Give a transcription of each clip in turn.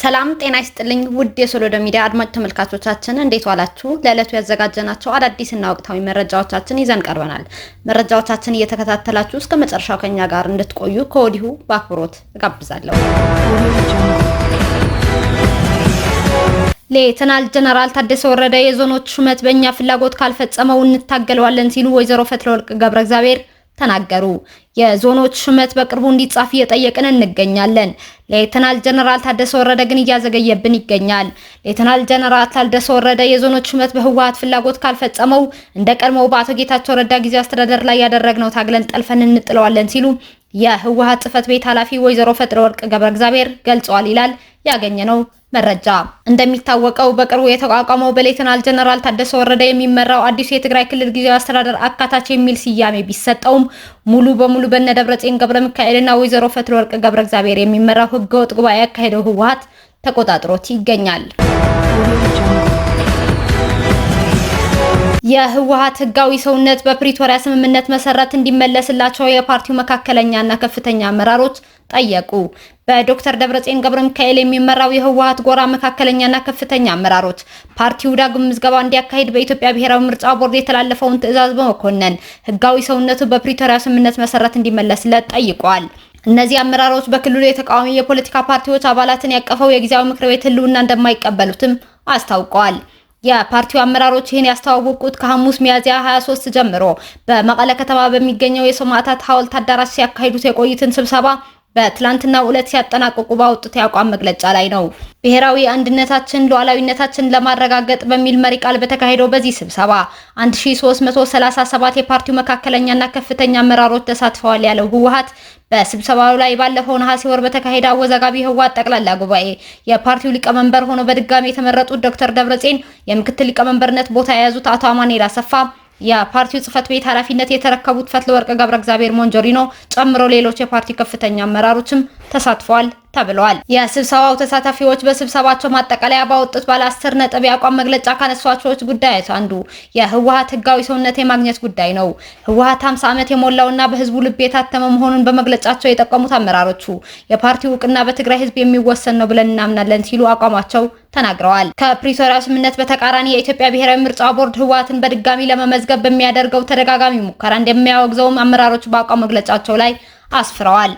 ሰላም ጤና ይስጥልኝ ውድ የሶሎዳ ሚዲያ አድማጭ ተመልካቾቻችን እንዴት ዋላችሁ? ለዕለቱ ያዘጋጀናቸው አዳዲስና ወቅታዊ መረጃዎቻችን ይዘን ቀርበናል። መረጃዎቻችን እየተከታተላችሁ እስከ መጨረሻው ከኛ ጋር እንድትቆዩ ከወዲሁ በአክብሮት እጋብዛለሁ። ሌተናል ጀነራል ታደሰ ወረደ የዞኖች ሹመት በእኛ ፍላጎት ካልፈጸመው እንታገለዋለን ሲሉ ወይዘሮ ፈትለወርቅ ገብረ እግዚአብሔር ተናገሩ። የዞኖች ሹመት በቅርቡ እንዲጻፍ እየጠየቅን እንገኛለን። ሌተናል ጀነራል ታደሰ ወረደ ግን እያዘገየብን ይገኛል። ሌተናል ጀነራል ታደሰ ወረደ የዞኖች ሹመት በህወሓት ፍላጎት ካልፈጸመው እንደ ቀድሞው በአቶ ጌታቸው ረዳ ጊዜ አስተዳደር ላይ ያደረግነው ታግለን ጠልፈን እንጥለዋለን ሲሉ የህወሓት ጽህፈት ቤት ኃላፊ ወይዘሮ ፈጥረ ወርቅ ገብረ እግዚአብሔር ገልጸዋል ይላል ያገኘ ነው መረጃ እንደሚታወቀው በቅርቡ የተቋቋመው በሌተናል ጀነራል ታደሰ ወረደ የሚመራው አዲሱ የትግራይ ክልል ጊዜያዊ አስተዳደር አካታች የሚል ስያሜ ቢሰጠውም ሙሉ በሙሉ በነ ደብረጽዮን ገብረ ሚካኤልና ወይዘሮ ፈትለ ወርቅ ገብረ እግዚአብሔር የሚመራው ህገወጥ ጉባኤ ያካሄደው ህወሀት ተቆጣጥሮት ይገኛል። የህወሀት ህጋዊ ሰውነት በፕሪቶሪያ ስምምነት መሰረት እንዲመለስላቸው የፓርቲው መካከለኛና ከፍተኛ አመራሮች ጠየቁ። በዶክተር ደብረጽዮን ገብረ ሚካኤል የሚመራው የህወሀት ጎራ መካከለኛና ከፍተኛ አመራሮች ፓርቲው ዳግም ምዝገባ እንዲያካሂድ በኢትዮጵያ ብሔራዊ ምርጫ ቦርድ የተላለፈውን ትዕዛዝ በመኮነን ህጋዊ ሰውነቱ በፕሪቶሪያ ስምምነት መሰረት እንዲመለስለት ጠይቋል። እነዚህ አመራሮች በክልሉ የተቃዋሚ የፖለቲካ ፓርቲዎች አባላትን ያቀፈው የጊዜያዊ ምክር ቤት ህልውና እንደማይቀበሉትም አስታውቀዋል። የፓርቲው አመራሮች ይህን ያስተዋወቁት ከሐሙስ ሚያዝያ 23 ጀምሮ በመቀለ ከተማ በሚገኘው የሰማዕታት ሐውልት አዳራሽ ሲያካሂዱት የቆዩትን ስብሰባ በትላንትናው ዕለት ሲያጠናቅቁ ባወጡት የአቋም መግለጫ ላይ ነው። ብሔራዊ አንድነታችን ሉዓላዊነታችን ለማረጋገጥ በሚል መሪ ቃል በተካሄደው በዚህ ስብሰባ 1337 የፓርቲው መካከለኛና ከፍተኛ አመራሮች ተሳትፈዋል ያለው ህወሓት በስብሰባው ላይ ባለፈው ነሐሴ ወር በተካሄደ አወዛጋቢ ህወሓት ጠቅላላ ጉባኤ የፓርቲው ሊቀመንበር ሆኖ በድጋሚ የተመረጡት ዶክተር ደብረጽዮን የምክትል ሊቀመንበርነት ቦታ የያዙት አቶ አማኑኤል አሰፋ የፓርቲው ጽህፈት ቤት ኃላፊነት የተረከቡት ፈትለወርቅ ገብረ እግዚአብሔር ሞንጆሪኖ ጨምሮ ሌሎች የፓርቲው ከፍተኛ አመራሮችም ተሳትፏል ተብሏል። የስብሰባው ተሳታፊዎች በስብሰባቸው ማጠቃለያ ባወጡት ባለ አስር ነጥብ የአቋም መግለጫ ካነሷቸዎች ጉዳዮች አንዱ የህወሀት ህጋዊ ሰውነት የማግኘት ጉዳይ ነው። ህወሀት 50 ዓመት የሞላውና በህዝቡ ልብ የታተመ መሆኑን በመግለጫቸው የጠቀሙት አመራሮቹ የፓርቲው እውቅና በትግራይ ህዝብ የሚወሰን ነው ብለን እናምናለን ሲሉ አቋማቸው ተናግረዋል። ከፕሪቶሪያ ስምምነት በተቃራኒ የኢትዮጵያ ብሔራዊ ምርጫ ቦርድ ህወሀትን በድጋሚ ለመመዝገብ በሚያደርገው ተደጋጋሚ ሙከራ እንደሚያወግዘውም አመራሮቹ በአቋም መግለጫቸው ላይ አስፍረዋል።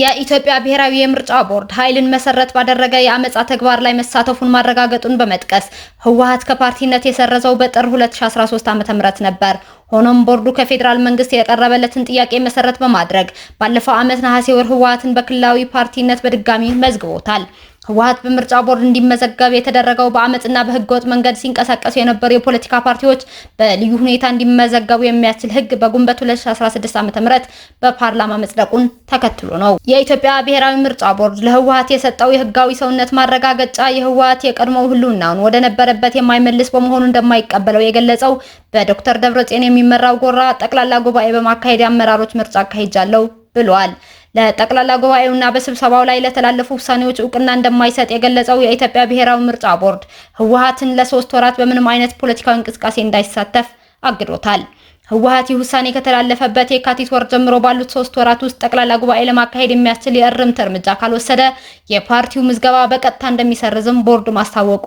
የኢትዮጵያ ብሔራዊ የምርጫ ቦርድ ኃይልን መሰረት ባደረገ የአመጻ ተግባር ላይ መሳተፉን ማረጋገጡን በመጥቀስ ህወሀት ከፓርቲነት የሰረዘው በጥር 2013 ዓ.ም ነበር። ሆኖም ቦርዱ ከፌዴራል መንግስት የቀረበለትን ጥያቄ መሰረት በማድረግ ባለፈው ዓመት ነሐሴ ወር ህወሀትን በክልላዊ ፓርቲነት በድጋሚ መዝግቦታል። ህወሓት በምርጫ ቦርድ እንዲመዘገብ የተደረገው በአመፅና በህገወጥ መንገድ ሲንቀሳቀሱ የነበሩ የፖለቲካ ፓርቲዎች በልዩ ሁኔታ እንዲመዘገቡ የሚያስችል ህግ በግንቦት 2016 ዓ.ም በፓርላማ መጽደቁን ተከትሎ ነው። የኢትዮጵያ ብሔራዊ ምርጫ ቦርድ ለህወሓት የሰጠው የህጋዊ ሰውነት ማረጋገጫ የህወሓት የቀድሞው ህልውናውን ወደ ነበረበት የማይመልስ በመሆኑ እንደማይቀበለው የገለጸው በዶክተር ደብረጽዮን የሚመራው ጎራ ጠቅላላ ጉባኤ በማካሄድ የአመራሮች ምርጫ አካሂጃለሁ ብሏል። ለጠቅላላ ጉባኤውና በስብሰባው ላይ ለተላለፉ ውሳኔዎች እውቅና እንደማይሰጥ የገለጸው የኢትዮጵያ ብሔራዊ ምርጫ ቦርድ ህወሀትን ለሶስት ወራት በምንም አይነት ፖለቲካዊ እንቅስቃሴ እንዳይሳተፍ አግዶታል። ህወሀት ይህ ውሳኔ ከተላለፈበት የካቲት ወር ጀምሮ ባሉት ሶስት ወራት ውስጥ ጠቅላላ ጉባኤ ለማካሄድ የሚያስችል የእርምት እርምጃ ካልወሰደ የፓርቲው ምዝገባ በቀጥታ እንደሚሰርዝም ቦርድ ማስታወቁ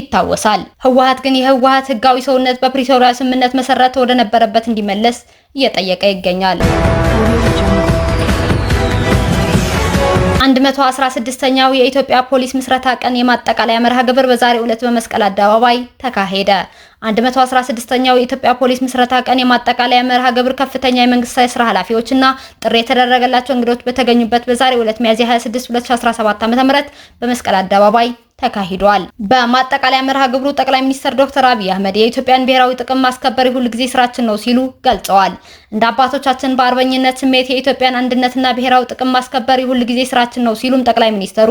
ይታወሳል። ህወሀት ግን የህወሀት ህጋዊ ሰውነት በፕሪቶሪያ ስምምነት መሰረት ወደ ነበረበት እንዲመለስ እየጠየቀ ይገኛል። 116ኛው የኢትዮጵያ ፖሊስ ምስረታ ቀን የማጠቃለያ መርሃ ግብር በዛሬው ዕለት በመስቀል አደባባይ ተካሄደ። 116ኛው የኢትዮጵያ ፖሊስ ምስረታ ቀን የማጠቃለያ መርሃ ግብር ከፍተኛ የመንግስት የስራ ኃላፊዎችና ጥሪ የተደረገላቸው እንግዶች በተገኙበት በዛሬው ዕለት ሚያዝያ 26 2017 ዓ.ም በመስቀል አደባባይ ተካሂዷል። በማጠቃለያ መርሃ ግብሩ ጠቅላይ ሚኒስትር ዶክተር አብይ አህመድ የኢትዮጵያን ብሔራዊ ጥቅም ማስከበር የሁል ጊዜ ስራችን ነው ሲሉ ገልጸዋል። እንደ አባቶቻችን በአርበኝነት ስሜት የኢትዮጵያን አንድነትና ብሔራዊ ጥቅም ማስከበር የሁል ጊዜ ስራችን ነው ሲሉም ጠቅላይ ሚኒስትሩ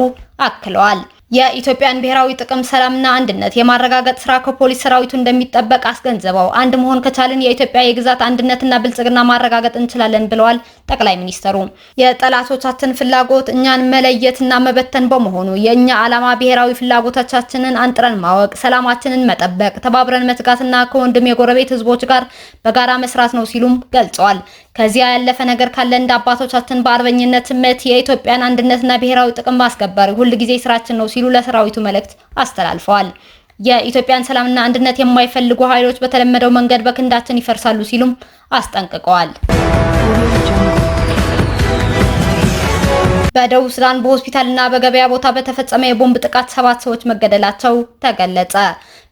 አክለዋል። የኢትዮጵያን ብሔራዊ ጥቅም ሰላምና አንድነት የማረጋገጥ ስራ ከፖሊስ ሰራዊቱ እንደሚጠበቅ አስገንዝበው አንድ መሆን ከቻልን የኢትዮጵያ የግዛት አንድነትና ብልጽግና ማረጋገጥ እንችላለን ብለዋል። ጠቅላይ ሚኒስትሩ የጠላቶቻችን ፍላጎት እኛን መለየትና መበተን በመሆኑ የእኛ ዓላማ ብሔራዊ ፍላጎቶቻችንን አንጥረን ማወቅ፣ ሰላማችንን መጠበቅ፣ ተባብረን መትጋትና ከወንድም የጎረቤት ህዝቦች ጋር በጋራ መስራት ነው ሲሉም ገልጸዋል። ከዚያ ያለፈ ነገር ካለ እንደ አባቶቻችን በአርበኝነት መት የኢትዮጵያን አንድነትና ብሔራዊ ጥቅም ማስከበር ሁልጊዜ ስራችን ነው ሲሉ ለሰራዊቱ መልእክት አስተላልፈዋል። የኢትዮጵያን ሰላምና አንድነት የማይፈልጉ ኃይሎች በተለመደው መንገድ በክንዳችን ይፈርሳሉ ሲሉም አስጠንቅቀዋል። በደቡብ ሱዳን በሆስፒታልና በገበያ ቦታ በተፈጸመ የቦምብ ጥቃት ሰባት ሰዎች መገደላቸው ተገለጸ።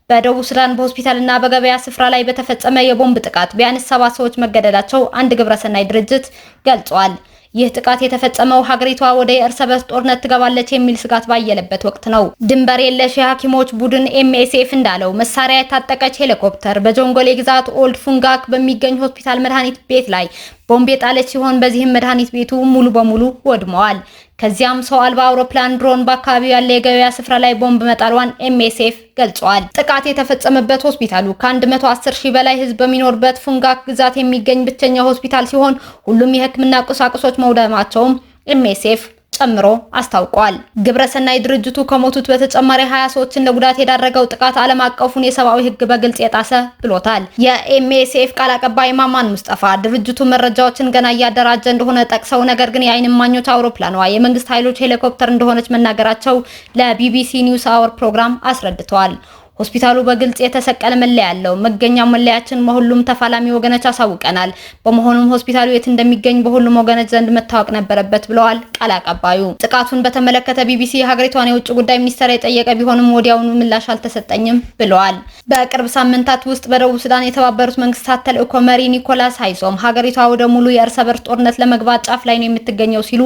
በደቡብ ሱዳን በሆስፒታልና በገበያ ስፍራ ላይ በተፈጸመ የቦምብ ጥቃት ቢያንስ ሰባት ሰዎች መገደላቸው አንድ ግብረሰናይ ድርጅት ገልጿል። ይህ ጥቃት የተፈጸመው ሀገሪቷ ወደ የእርስ በርስ ጦርነት ትገባለች የሚል ስጋት ባየለበት ወቅት ነው። ድንበር የለሽ የሐኪሞች ቡድን ኤምኤስኤፍ እንዳለው መሳሪያ የታጠቀች ሄሊኮፕተር በጆንጎሌ ግዛት ኦልድ ፉንጋክ በሚገኝ ሆስፒታል መድኃኒት ቤት ላይ ቦምብ የጣለች ሲሆን በዚህም መድኃኒት ቤቱ ሙሉ በሙሉ ወድመዋል። ከዚያም ሰው አልባ አውሮፕላን ድሮን በአካባቢው ያለ የገበያ ስፍራ ላይ ቦምብ መጣሏን ኤምኤስኤፍ ገልጿል። ጥቃት የተፈጸመበት ሆስፒታሉ ከ110 ሺህ በላይ ሕዝብ በሚኖርበት ፉንጋክ ግዛት የሚገኝ ብቸኛ ሆስፒታል ሲሆን ሁሉም የህክምና ቁሳቁሶች መውደማቸውም ኤምኤስኤፍ ጨምሮ አስታውቋል። ግብረሰናይ ድርጅቱ ከሞቱት በተጨማሪ ሀያ ሰዎችን ለጉዳት የዳረገው ጥቃት ዓለም አቀፉን የሰብአዊ ሕግ በግልጽ የጣሰ ብሎታል። የኤምኤስኤፍ ቃል አቀባይ ማማን ሙስጠፋ ድርጅቱ መረጃዎችን ገና እያደራጀ እንደሆነ ጠቅሰው ነገር ግን የአይን እማኞች አውሮፕላኗ የመንግስት ኃይሎች ሄሊኮፕተር እንደሆነች መናገራቸው ለቢቢሲ ኒውስ አወር ፕሮግራም አስረድተዋል። ሆስፒታሉ በግልጽ የተሰቀለ መለያ ያለው መገኛው መለያችን በሁሉም ተፋላሚ ወገኖች አሳውቀናል። በመሆኑም ሆስፒታሉ የት እንደሚገኝ በሁሉም ወገኖች ዘንድ መታወቅ ነበረበት ብለዋል ቃል አቀባዩ። ጥቃቱን በተመለከተ ቢቢሲ ሀገሪቷን የውጭ ጉዳይ ሚኒስቴር የጠየቀ ቢሆንም ወዲያውኑ ምላሽ አልተሰጠኝም ብለዋል። በቅርብ ሳምንታት ውስጥ በደቡብ ሱዳን የተባበሩት መንግስታት ተልእኮ መሪ ኒኮላስ ሃይሶም ሀገሪቷ ወደ ሙሉ የእርስ በርስ ጦርነት ለመግባት ጫፍ ላይ ነው የምትገኘው ሲሉ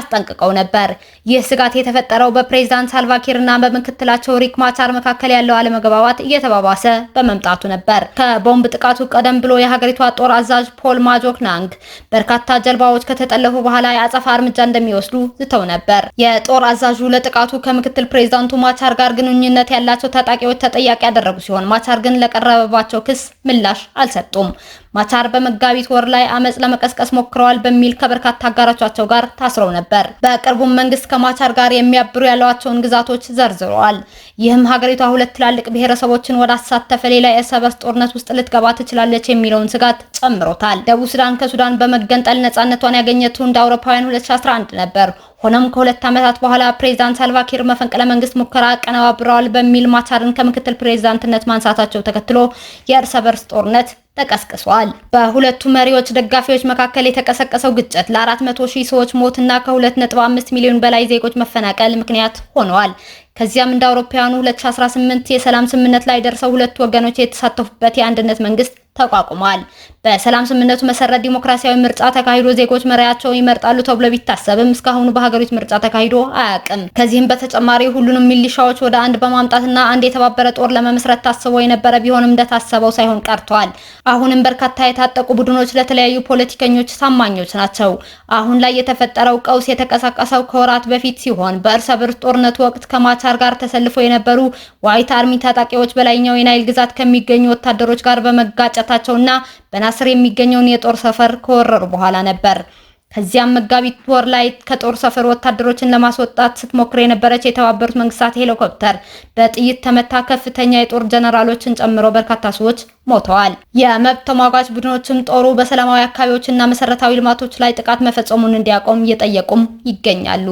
አስጠንቅቀው ነበር። ይህ ስጋት የተፈጠረው በፕሬዚዳንት ሳልቫኪር እና በምክትላቸው ሪክ ማቻር መካከል ያለው አለመግባባት እየተባባሰ በመምጣቱ ነበር። ከቦምብ ጥቃቱ ቀደም ብሎ የሀገሪቷ ጦር አዛዥ ፖል ማጆክ ናንግ በርካታ ጀልባዎች ከተጠለፉ በኋላ የአጸፋ እርምጃ እንደሚወስዱ ዝተው ነበር። የጦር አዛዡ ለጥቃቱ ከምክትል ፕሬዚዳንቱ ማቻር ጋር ግንኙነት ያላቸው ታጣቂዎች ተጠያቂ ያደረጉ ሲሆን ማቻር ግን ለቀረበባቸው ክስ ምላሽ አልሰጡም። ማቻር በመጋቢት ወር ላይ አመጽ ለመቀስቀስ ሞክረዋል በሚል ከበርካታ አጋሮቻቸው ጋር ታስረው ነበር። በቅርቡም መንግስት ከማቻር ጋር የሚያብሩ ያለዋቸውን ግዛቶች ዘርዝረዋል። ይህም ሀገሪቷ ሁለት ትላልቅ ብሔረሰቦችን ወዳሳተፈ ሌላ የእርስ በርስ ጦርነት ውስጥ ልትገባ ትችላለች የሚለውን ስጋት ጨምሮታል። ደቡብ ሱዳን ከሱዳን በመገንጠል ነጻነቷን ያገኘችው እንደ አውሮፓውያን 2011 ነበር። ሆኖም ከሁለት ዓመታት በኋላ ፕሬዚዳንት ሳልቫኪር መፈንቅለ መንግስት ሙከራ አቀነባብረዋል በሚል ማቻርን ከምክትል ፕሬዚዳንትነት ማንሳታቸው ተከትሎ የእርስ በርስ ጦርነት ተቀስቅሷል። በሁለቱ መሪዎች ደጋፊዎች መካከል የተቀሰቀሰው ግጭት ለ400 ሺህ ሰዎች ሞትና ከ2.5 ሚሊዮን በላይ ዜጎች መፈናቀል ምክንያት ሆነዋል። ከዚያም እንደ አውሮፓውያኑ 2018 የሰላም ስምምነት ላይ ደርሰው ሁለቱ ወገኖች የተሳተፉበት የአንድነት መንግስት ተቋቁሟል። በሰላም ስምምነቱ መሰረት ዲሞክራሲያዊ ምርጫ ተካሂዶ ዜጎች መሪያቸውን ይመርጣሉ ተብሎ ቢታሰብም እስካሁኑ በሀገሪቱ ምርጫ ተካሂዶ አያውቅም። ከዚህም በተጨማሪ ሁሉንም ሚሊሻዎች ወደ አንድ በማምጣትና አንድ የተባበረ ጦር ለመመስረት ታስቦ የነበረ ቢሆንም እንደታሰበው ሳይሆን ቀርቷል። አሁንም በርካታ የታጠቁ ቡድኖች ለተለያዩ ፖለቲከኞች ታማኞች ናቸው። አሁን ላይ የተፈጠረው ቀውስ የተቀሳቀሰው ከወራት በፊት ሲሆን በእርሰ በርስ ጦርነቱ ወቅት ከማቻር ጋር ተሰልፎ የነበሩ ዋይት አርሚ ታጣቂዎች በላይኛው የናይል ግዛት ከሚገኙ ወታደሮች ጋር በመጋጨታቸውና በናስር የሚገኘውን የጦር ሰፈር ከወረሩ በኋላ ነበር። ከዚያም መጋቢት ወር ላይ ከጦር ሰፈር ወታደሮችን ለማስወጣት ስትሞክር የነበረች የተባበሩት መንግስታት ሄሊኮፕተር በጥይት ተመታ። ከፍተኛ የጦር ጀነራሎችን ጨምሮ በርካታ ሰዎች ሞተዋል። የመብት ተሟጋች ቡድኖችም ጦሩ በሰላማዊ አካባቢዎችና መሰረታዊ ልማቶች ላይ ጥቃት መፈጸሙን እንዲያቆም እየጠየቁም ይገኛሉ።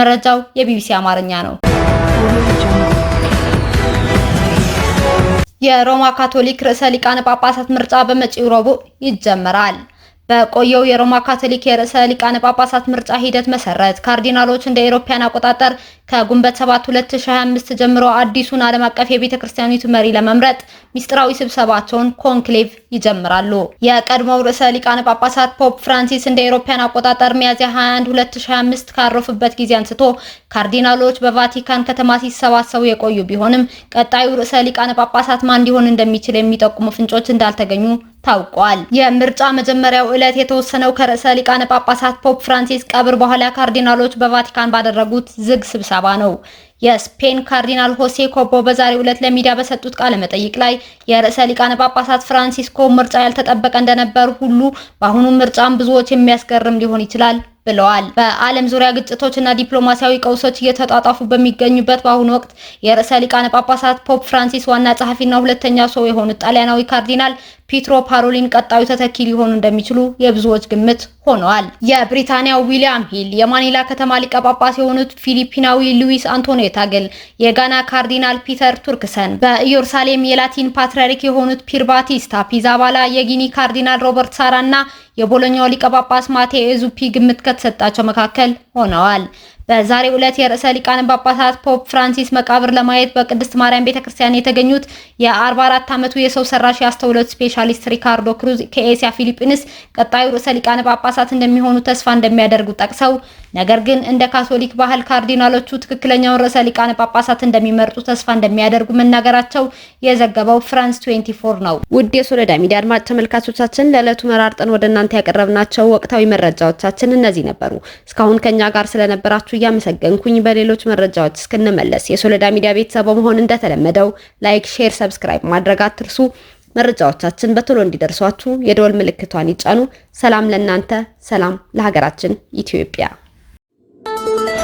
መረጃው የቢቢሲ አማርኛ ነው። የሮማ ካቶሊክ ርዕሰ ሊቃነ ጳጳሳት ምርጫ በመጪው ረቡዕ ይጀመራል። በቆየው የሮማ ካቶሊክ የርዕሰ ሊቃነ ጳጳሳት ምርጫ ሂደት መሰረት ካርዲናሎች እንደ ኢሮፓያን አቆጣጠር ከጉንበት 7 2025 ጀምሮ አዲሱን ዓለም አቀፍ የቤተ ክርስቲያኒቱ መሪ ለመምረጥ ሚስጥራዊ ስብሰባቸውን ኮንክሌቭ ይጀምራሉ። የቀድሞው ርዕሰ ሊቃነ ጳጳሳት ፖፕ ፍራንሲስ እንደ ኢሮፓያን አቆጣጠር ሚያዝያ 21 2025 ካረፉበት ጊዜ አንስቶ ካርዲናሎች በቫቲካን ከተማ ሲሰባሰቡ የቆዩ ቢሆንም ቀጣዩ ርዕሰ ሊቃነ ጳጳሳት ማን ሊሆን እንደሚችል የሚጠቁሙ ፍንጮች እንዳልተገኙ ታውቋል። የምርጫ መጀመሪያው ዕለት የተወሰነው ከርዕሰ ሊቃነ ጳጳሳት ፖፕ ፍራንሲስ ቀብር በኋላ ካርዲናሎች በቫቲካን ባደረጉት ዝግ ስብሰባ ነው። የስፔን ካርዲናል ሆሴ ኮቦ በዛሬው ዕለት ለሚዲያ በሰጡት ቃለ መጠይቅ ላይ የርዕሰ ሊቃነ ጳጳሳት ፍራንሲስኮ ምርጫ ያልተጠበቀ እንደነበር ሁሉ በአሁኑ ምርጫም ብዙዎች የሚያስገርም ሊሆን ይችላል ብለዋል። በዓለም ዙሪያ ግጭቶችና ዲፕሎማሲያዊ ቀውሶች እየተጣጣፉ በሚገኙበት በአሁኑ ወቅት የርዕሰ ሊቃነ ጳጳሳት ፖፕ ፍራንሲስ ዋና ጸሐፊና ሁለተኛ ሰው የሆኑት ጣሊያናዊ ካርዲናል ፒትሮ ፓሮሊን ቀጣዩ ተተኪ ሊሆኑ እንደሚችሉ የብዙዎች ግምት ሆነዋል። የብሪታንያ ዊሊያም ሂል፣ የማኒላ ከተማ ሊቀ ጳጳስ የሆኑት ፊሊፒናዊ ሉዊስ አንቶኒ የታገል የጋና ካርዲናል ፒተር ቱርክሰን በኢየሩሳሌም የላቲን ፓትርያርክ የሆኑት ፒር ባቲስታ ፒዛባላ የጊኒ ካርዲናል ሮበርት ሳራ እና የቦሎኛው ሊቀ ጳጳስ ማቴ ኤዙፒ ግምት ከተሰጣቸው መካከል ሆነዋል። በዛሬ ዕለት የርዕሰ ሊቃነ ጳጳሳት ፖፕ ፍራንሲስ መቃብር ለማየት በቅድስት ማርያም ቤተክርስቲያን የተገኙት የ44 ዓመቱ የሰው ሰራሽ የአስተውሎት ስፔሻሊስት ሪካርዶ ክሩዝ ከኤሲያ ፊሊፒንስ ቀጣዩ ርዕሰ ሊቃነ ጳጳሳት እንደሚሆኑ ተስፋ እንደሚያደርጉ ጠቅሰው ነገር ግን እንደ ካቶሊክ ባህል ካርዲናሎቹ ትክክለኛውን ርዕሰ ሊቃነ ጳጳሳት እንደሚመርጡ ተስፋ እንደሚያደርጉ መናገራቸው የዘገበው ፍራንስ 24 ነው። ውድ የሶለዳ ሚዲያ አድማጭ ተመልካቾቻችን ለዕለቱ መራርጠን ወደ እናንተ ያቀረብናቸው ወቅታዊ መረጃዎቻችን እነዚህ ነበሩ። እስካሁን ከኛ ጋር ስለነበራችሁ እያመሰገንኩኝ በሌሎች መረጃዎች እስክንመለስ የሶለዳ ሚዲያ ቤተሰብ መሆን እንደተለመደው ላይክ፣ ሼር፣ ሰብስክራይብ ማድረግ አትርሱ። መረጃዎቻችን በቶሎ እንዲደርሷችሁ የደወል ምልክቷን ይጫኑ። ሰላም ለእናንተ፣ ሰላም ለሀገራችን ኢትዮጵያ። Música